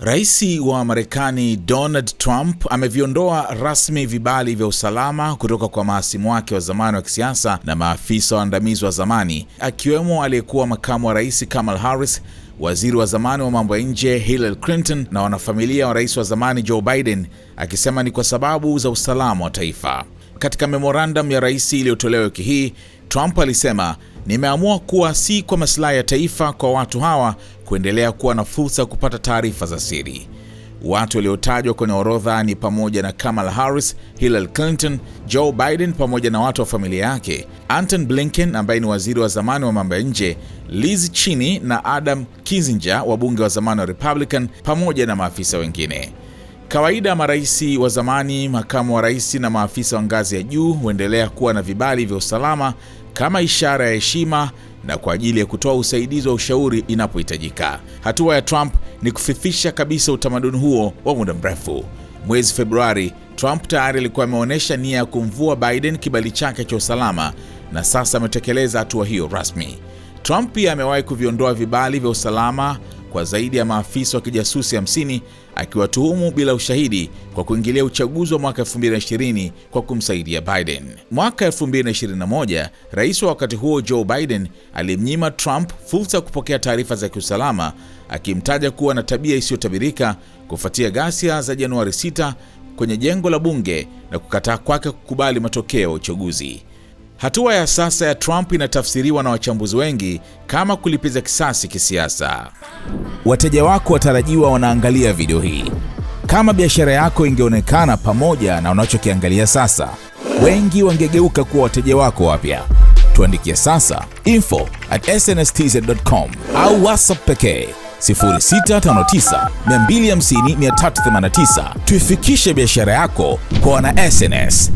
Rais wa Marekani Donald Trump ameviondoa rasmi vibali vya usalama kutoka kwa mahasimu wake wa zamani wa kisiasa na maafisa waandamizi wa zamani, akiwemo aliyekuwa makamu wa rais Kamala Harris, waziri wa zamani wa mambo ya nje Hillary Clinton na wanafamilia wa rais wa zamani Joe Biden, akisema ni kwa sababu za usalama wa taifa. Katika memorandum ya rais iliyotolewa wiki hii Trump alisema, nimeamua kuwa si kwa masilahi ya taifa kwa watu hawa kuendelea kuwa na fursa ya kupata taarifa za siri. Watu waliotajwa kwenye orodha ni pamoja na Kamala Harris, Hillary Clinton, Joe Biden pamoja na watu wa familia yake, Anton Blinken ambaye ni waziri wa zamani wa mambo ya nje, Liz Cheney na Adam Kinzinger, wabunge wa zamani wa Republican pamoja na maafisa wengine. Kawaida marais wa zamani, makamu wa rais na maafisa wa ngazi ya juu huendelea kuwa na vibali vya usalama kama ishara ya heshima na kwa ajili ya kutoa usaidizi wa ushauri inapohitajika. Hatua ya Trump ni kufifisha kabisa utamaduni huo wa muda mrefu. Mwezi Februari, Trump tayari alikuwa ameonyesha nia ya kumvua Biden kibali chake cha usalama na sasa ametekeleza hatua hiyo rasmi. Trump pia amewahi kuviondoa vibali vya usalama kwa zaidi ya maafisa wa kijasusi 50 akiwatuhumu bila ushahidi kwa kuingilia uchaguzi wa mwaka 2020 kwa kumsaidia Biden. Mwaka 2021, rais wa wakati huo Joe Biden alimnyima Trump fursa ya kupokea taarifa za kiusalama akimtaja kuwa na tabia isiyotabirika kufuatia ghasia za Januari 6 kwenye jengo la bunge na kukataa kwake kukubali matokeo ya uchaguzi. Hatua ya sasa ya Trump inatafsiriwa na wachambuzi wengi kama kulipiza kisasi kisiasa. Wateja wako watarajiwa wanaangalia video hii. Kama biashara yako ingeonekana pamoja na unachokiangalia sasa, wengi wangegeuka kuwa wateja wako wapya. Tuandikie sasa info at snstz.com au whatsapp pekee 0659 250 389. Tuifikishe biashara yako kwa wana SNS.